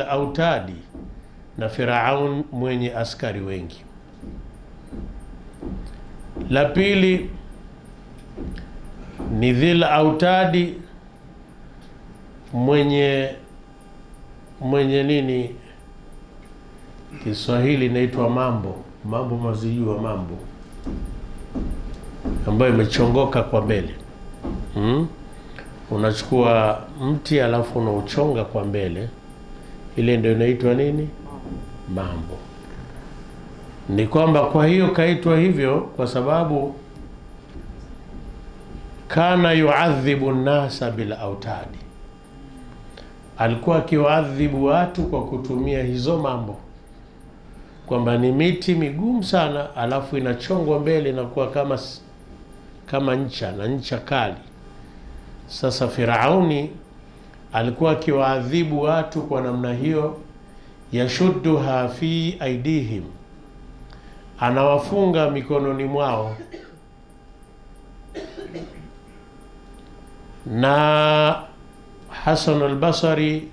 Autadi na Firaun mwenye askari wengi. La pili ni dhil autadi mwenye mwenye nini, Kiswahili inaitwa mambo mambo, mazijua mambo ambayo imechongoka kwa mbele hmm? Unachukua mti alafu unauchonga kwa mbele ile ndio inaitwa nini? Mambo. Ni kwamba kwa hiyo kaitwa hivyo kwa sababu kana yuadhibu nnasa bilautadi autadi, alikuwa akiwaadhibu watu kwa kutumia hizo mambo, kwamba ni miti migumu sana, alafu inachongwa mbele inakuwa kama kama ncha na ncha kali. Sasa Firauni alikuwa akiwaadhibu watu kwa namna hiyo, yashudduha fi aidihim, anawafunga mikononi mwao na Hasan al-Basri,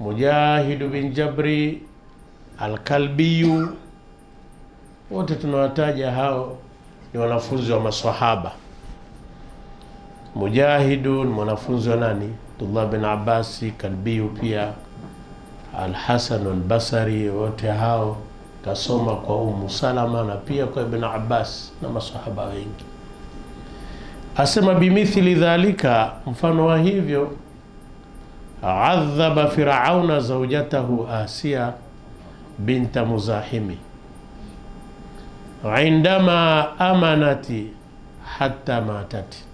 Mujahidu bin Jabri, Alkalbiyu, wote tunawataja hao ni wanafunzi wa maswahaba. Mujahidu ni mwanafunzi wa nani? Abdullah bin Abbasi Kalbiu, pia Alhasan Albasari, wote hao kasoma kwa Umu Salama na pia kwa Ibn Abbas na masahaba wengi. Asema bimithli dhalika, mfano wa hivyo adhaba Firauna zaujatahu Asia binta Muzahimi indama amanati hatta matati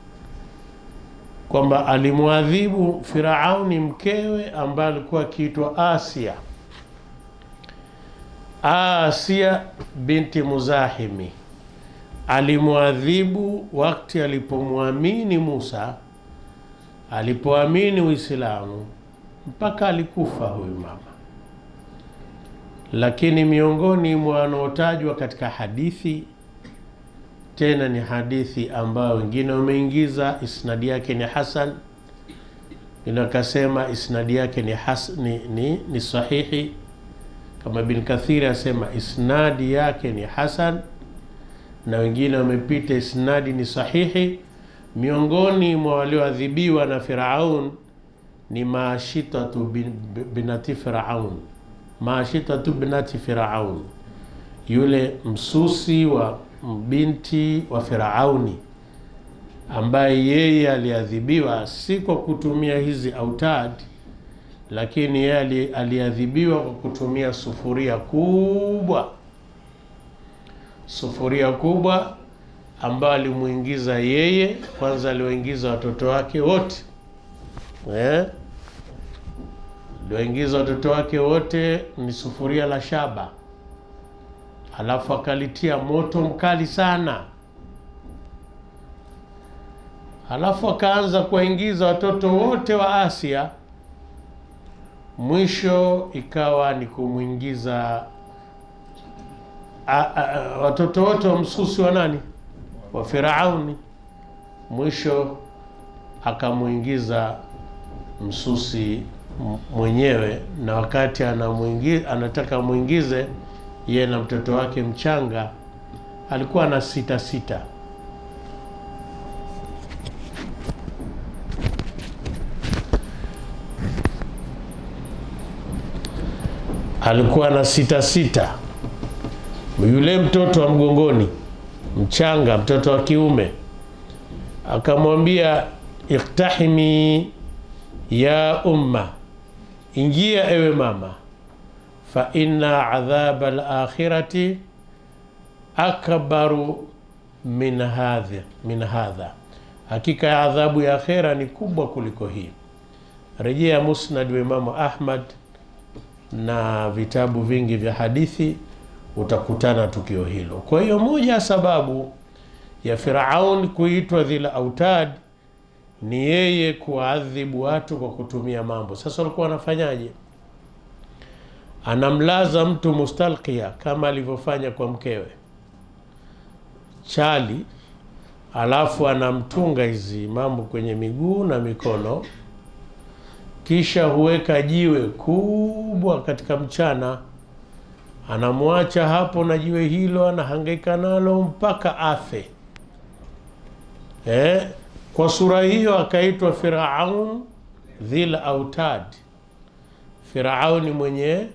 kwamba alimwadhibu Firauni mkewe ambaye alikuwa akiitwa Asia, Asia binti Muzahimi alimwadhibu wakti alipomwamini Musa, alipoamini Uislamu mpaka alikufa huyu mama. Lakini miongoni mwa wanaotajwa katika hadithi tena ni hadithi ambayo wengine wameingiza isnadi yake ni hasan, wengine wakasema isnadi yake ni, has, ni, ni, ni sahihi kama bin Kathiri asema isnadi yake ni hasan, na wengine wamepita isnadi ni sahihi. Miongoni mwa walioadhibiwa na Firaun ni Maashitatu binati Firaun, Maashitatu binati Firaun, yule msusi wa Mm, binti wa Firauni ambaye yeye aliadhibiwa si kwa kutumia hizi autad, lakini yeye aliadhibiwa kwa kutumia sufuria kubwa, sufuria kubwa ambayo alimuingiza yeye kwanza, aliwaingiza watoto wake wote eh? aliwaingiza watoto wake wote, ni sufuria la shaba alafu akalitia moto mkali sana, alafu akaanza kuwaingiza watoto wote wa Asia. Mwisho ikawa ni kumwingiza watoto wote wa msusi wa nani, wa Firauni. Mwisho akamwingiza msusi mwenyewe, na wakati anamwingiza, anataka mwingize yeye na mtoto wake mchanga alikuwa na sita sita. Alikuwa na sita sita, yule mtoto wa mgongoni mchanga, mtoto wa kiume akamwambia, iktahimi ya umma, ingia ewe mama fa inna adhaba lakhirati akbaru min hadha min hadha, hakika ya adhabu ya akhera ni kubwa kuliko hii. Rejea Musnad wa Imamu Ahmad na vitabu vingi vya hadithi utakutana tukio hilo. Kwa hiyo moja ya sababu ya Firaun kuitwa Dhil Autad ni yeye kuwaadhibu watu kwa kutumia mambo. Sasa walikuwa wanafanyaje? anamlaza mtu mustalkia kama alivyofanya kwa mkewe chali, alafu anamtunga hizi mambo kwenye miguu na mikono, kisha huweka jiwe kubwa katika mchana, anamwacha hapo na jiwe hilo, anahangaika nalo mpaka afe. Eh, kwa sura hiyo akaitwa Firaun dhil autad, Firauni mwenye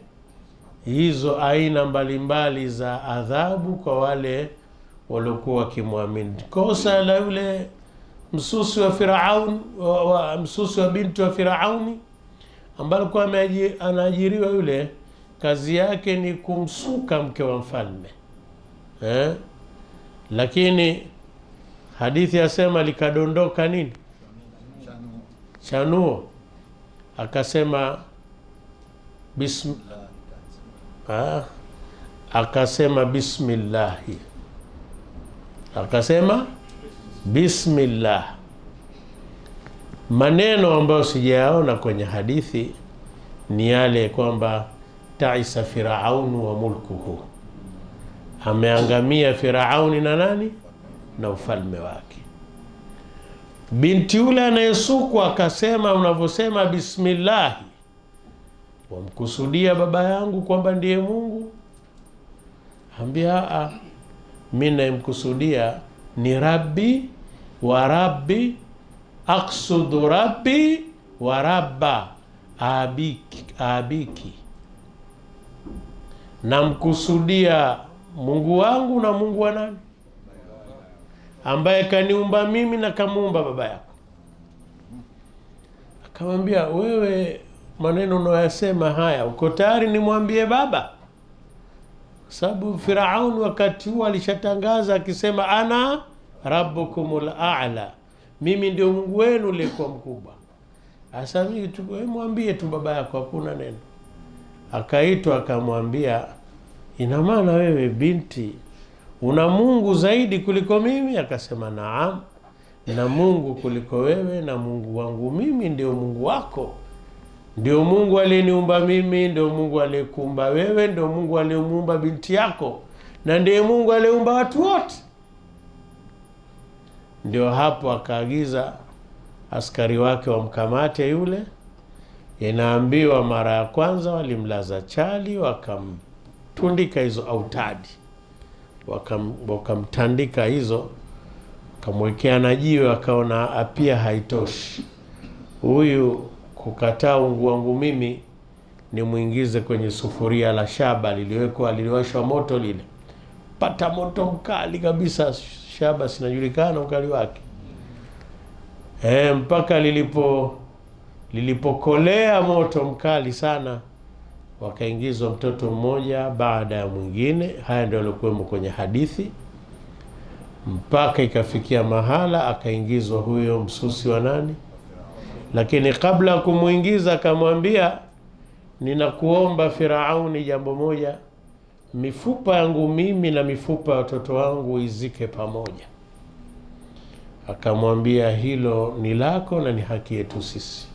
hizo aina mbalimbali mbali za adhabu kwa wale waliokuwa wakimwamini. Kosa la yule msusi wa Firaun wa, wa, msusi wa binti wa Firauni ambaye alikuwa anaajiriwa yule, kazi yake ni kumsuka mke wa mfalme eh? Lakini hadithi yasema likadondoka nini chanuo, akasema bismillah ha? Akasema bismillahi, akasema bismillah, maneno ambayo sijayaona kwenye hadithi ni yale kwamba taisa firaunu wa mulkuhu, ameangamia Firauni na nani na ufalme wake. Binti yule anayesukwa akasema, unavyosema bismillahi wamkusudia baba yangu kwamba ndiye Mungu? Ambia a, mimi nayemkusudia ni Rabbi wa Rabbi, aksudu Rabbi wa Rabba abiki, abiki. Namkusudia Mungu wangu na Mungu wa nani? Ambaye kaniumba mimi na kamuumba baba yako. Akamwambia wewe maneno unayoyasema haya, uko tayari nimwambie baba? sababu Firaun wakati huo alishatangaza akisema, ana rabukum lala mimi ndio Mungu wenu uliyekuwa mkubwa. asamwambie tu baba yako, hakuna neno. Akaitwa akamwambia, ina maana wewe binti una Mungu zaidi kuliko mimi? Akasema naam, na Mungu kuliko wewe, na Mungu wangu mimi ndio Mungu wako. Ndio Mungu aliyeniumba mimi, ndio Mungu aliyekuumba wewe, ndio Mungu aliyemuumba binti yako, na ndiye Mungu aliyeumba watu wote. Ndio hapo akaagiza askari wake wamkamate yule. Inaambiwa mara ya kwanza walimlaza chali, wakamtundika hizo autadi, wakamtandika wakam hizo, wakamwekea na jiwe, akaona apia haitoshi huyu kukataa ungu wangu mimi nimwingize kwenye sufuria la shaba liliwekwa liliwashwa moto lile, pata moto mkali kabisa, shaba sinajulikana ukali wake e, mpaka lilipo lilipokolea moto mkali sana, wakaingizwa mtoto mmoja baada ya mwingine. Haya ndio aliokuwemo kwenye hadithi, mpaka ikafikia mahala akaingizwa huyo msusi wa nani lakini kabla kumwingiza akamwambia, ninakuomba Firauni jambo moja, mifupa yangu mimi na mifupa ya watoto wangu izike pamoja. Akamwambia, hilo ni lako na ni haki yetu sisi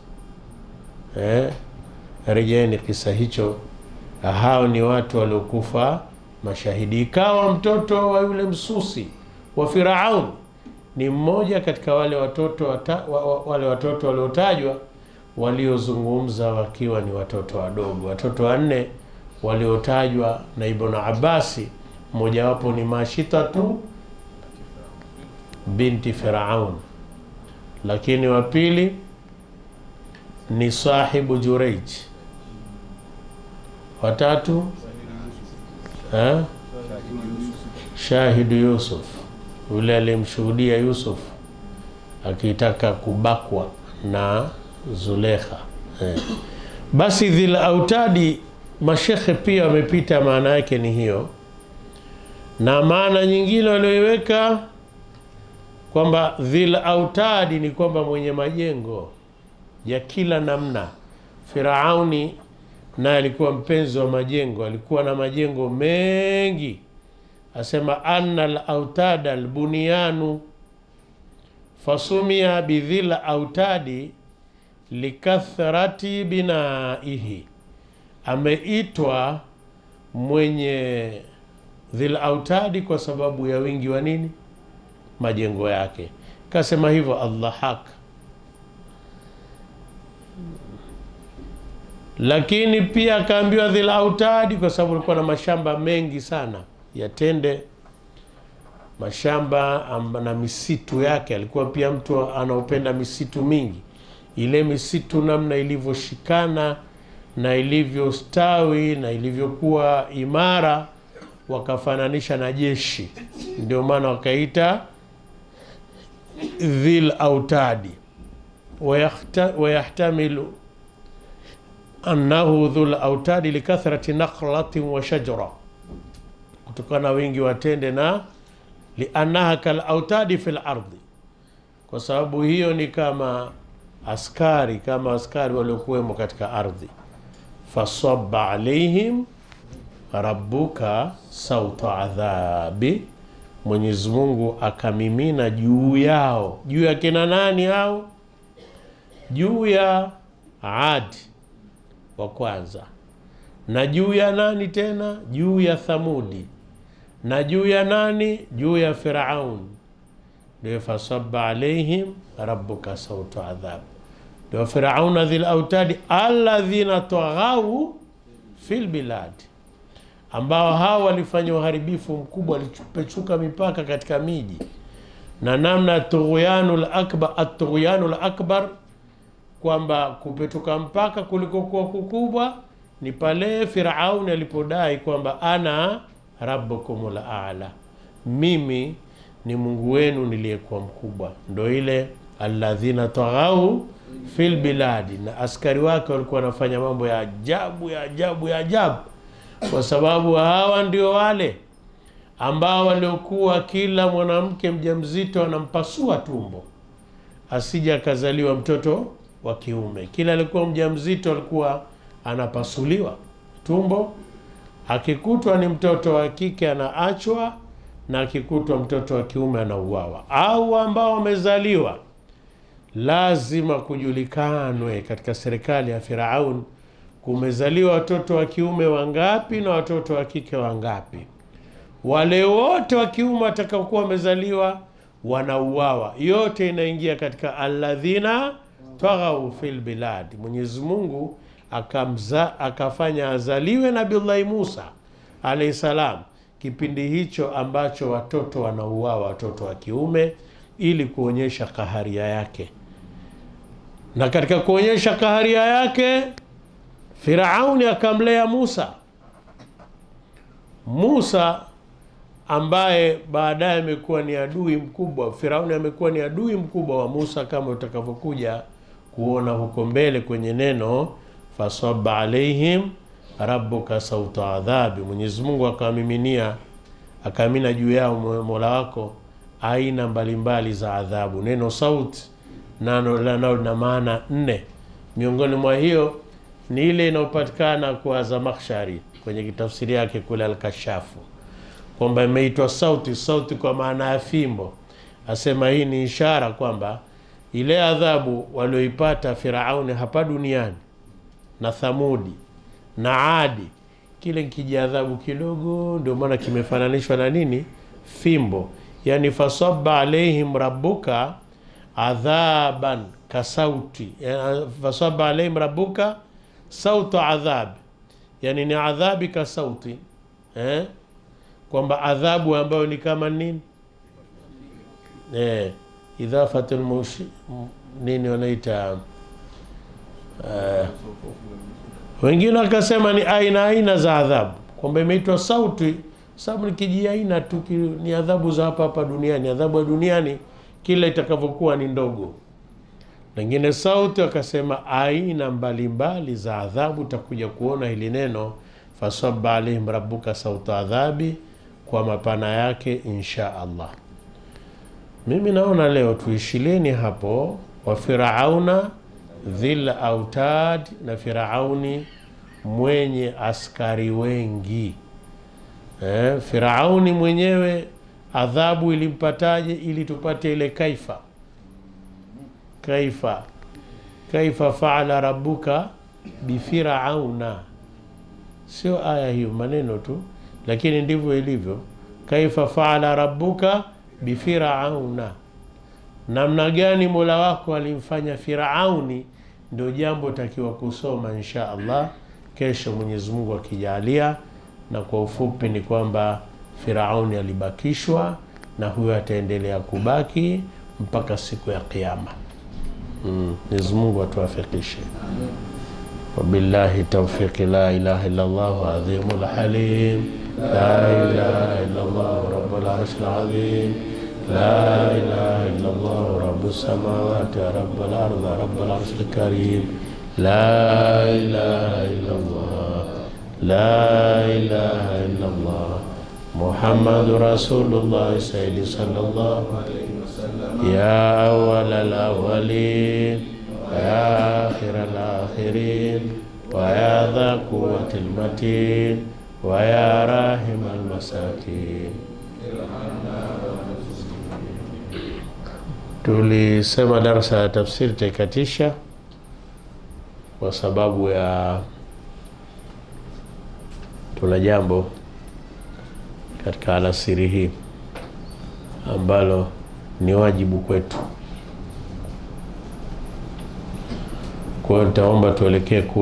eh? Rejeeni kisa hicho. Hao ni watu waliokufa mashahidi. Ikawa mtoto wa yule msusi wa Firauni ni mmoja katika wale watoto wata, wale watoto waliotajwa waliozungumza wakiwa ni watoto wadogo. Watoto wanne waliotajwa na Ibn abasi mmojawapo ni Mashitatu binti Firaun, lakini wa pili ni sahibu Jureij, watatu eh, shahidu Yusuf yule aliyemshuhudia Yusuf akitaka kubakwa na Zulekha eh. Basi dhil autadi mashekhe pia wamepita, maana yake ni hiyo, na maana nyingine walioiweka kwamba dhil autadi ni kwamba mwenye majengo ya kila namna. Firauni naye alikuwa mpenzi wa majengo, alikuwa na majengo mengi asema anna alautada lbunyanu fasumia bidhil autadi likathrati binaihi, ameitwa mwenye dhil autadi kwa sababu ya wingi wa nini? Majengo yake. Kasema hivyo Allah haka lakini pia akaambiwa dhil autadi kwa sababu alikuwa na mashamba mengi sana. Yatende mashamba na misitu yake, alikuwa pia mtu anaopenda misitu mingi. Ile misitu namna ilivyoshikana na ilivyostawi na ilivyokuwa imara, wakafananisha na jeshi, ndio maana wakaita dhil autadi wayahtamilu annahu dhul autadi likathrati nakhlatin wa shajara kutokana wingi watende na liannaha kalautadi fil ardi, kwa sababu hiyo ni kama askari kama askari waliokuwemo katika ardhi. Fasaba alaihim rabbuka sauta adhabi, Mwenyezi Mungu akamimina juu yao. Juu ya kina nani hao? Juu ya Adi wa kwanza na juu ya nani tena? Juu ya Thamudi na juu ya nani? Juu ya Firaun. Ndio fasaba alaihim rabbuka sautu adhab, ndio Firauna dhil autadi alladhina taghau fil bilad, ambao hao walifanya uharibifu mkubwa, walipechuka mipaka katika miji na namna tughyanu lakbar atughyanu lakbar, kwamba kupetuka mpaka kulikokuwa kukubwa ni pale Firauni alipodai kwamba ana rabbukumul aala, mimi ni Mungu wenu niliyekuwa mkubwa. Ndo ile alladhina taghau fil biladi, na askari wake walikuwa wanafanya mambo ya ajabu ya ajabu ya ajabu, kwa sababu hawa ndio wale ambao waliokuwa kila mwanamke mjamzito anampasua tumbo asija akazaliwa mtoto wa kiume. Kila alikuwa mjamzito alikuwa anapasuliwa tumbo akikutwa ni mtoto wa kike anaachwa na akikutwa mtoto wa kiume anauawa, au ambao wamezaliwa lazima kujulikanwe katika serikali ya Firaun kumezaliwa watoto wa kiume wangapi na watoto wa kike wangapi. Wale wote wa kiume watakaokuwa wamezaliwa wanauawa, yote inaingia katika alladhina taghau fil bilad. Mwenyezi Mungu akamza akafanya azaliwe nabillahi Musa alayhi salam kipindi hicho ambacho watoto wanauawa, watoto wa kiume, ili kuonyesha kaharia yake. Na katika kuonyesha kaharia yake, Firauni akamlea Musa. Musa ambaye baadaye amekuwa ni adui mkubwa, Firauni amekuwa ni adui mkubwa wa Musa, kama utakavyokuja kuona huko mbele kwenye neno fasaba alaihim rabbuka sauta adhabi, Mwenyezi Mungu akamina juu yao mola wako aina mbalimbali za adhabu. Neno sauti nalo lina maana nne, miongoni mwa hiyo ni ile inayopatikana kwa Zamakhshari kwenye kitafsiri yake kule Alkashafu kwamba imeitwa sauti, sauti kwa maana ya fimbo. Asema hii ni ishara kwamba ile adhabu walioipata Firauni hapa duniani na Thamudi na Adi, kile kijiadhabu kidogo, ndio maana kimefananishwa na nini? Fimbo. Yani fasaba alaihim rabbuka adhaban kasauti, yani eh, fasaba alaihim rabbuka sautu adhab, yani ni adhabi kasauti eh? kwamba adhabu ambayo ni kama nini eh, mushi nini wanaita eh. Wengine wakasema ni aina aina za adhabu, kwamba imeitwa sauti sababu ni kijiaina tu, ni adhabu za hapa hapa duniani. Adhabu ya duniani kila itakavyokuwa ni ndogo. Wengine sauti wakasema aina mbalimbali za adhabu. Utakuja kuona hili neno fasabba alaihim rabbuka sauta adhabi kwa mapana yake, insha Allah. Mimi naona leo tuishileni hapo wa Firauna Dhil Autad na Firauni mwenye askari wengi eh. Firauni mwenyewe adhabu ilimpataje? Ili tupate ile kaifa kaifa kaifa faala rabbuka bifirauna. Sio aya hiyo, maneno tu, lakini ndivyo ilivyo. Kaifa faala rabbuka bifirauna namna gani Mola wako alimfanya Firauni, ndio jambo takiwa kusoma insha Allah kesho, Mwenyezi Mungu akijalia. Na kwa ufupi ni kwamba Firauni alibakishwa na huyo ataendelea kubaki mpaka siku ya Kiyama. Mm, Mwenyezi Mungu atuwafikishe. Wabillahi la ilaha illa halim, la ilaha illa rabbul arshil azim لا إله إلا الله رب السماوات رب الأرض رب العرش الكريم لا إله إلا الله لا إله إلا الله محمد رسول الله سيدي صلى الله عليه وسلم يا أول الأولين ويا آخر الآخرين ويا ذا قوة المتين ويا راحم المساكين ارحمنا Tulisema darsa ya tafsiri taikatisha kwa sababu ya tuna jambo katika alasiri hii ambalo ni wajibu kwetu. Kwa hiyo nitaomba tuelekee kule.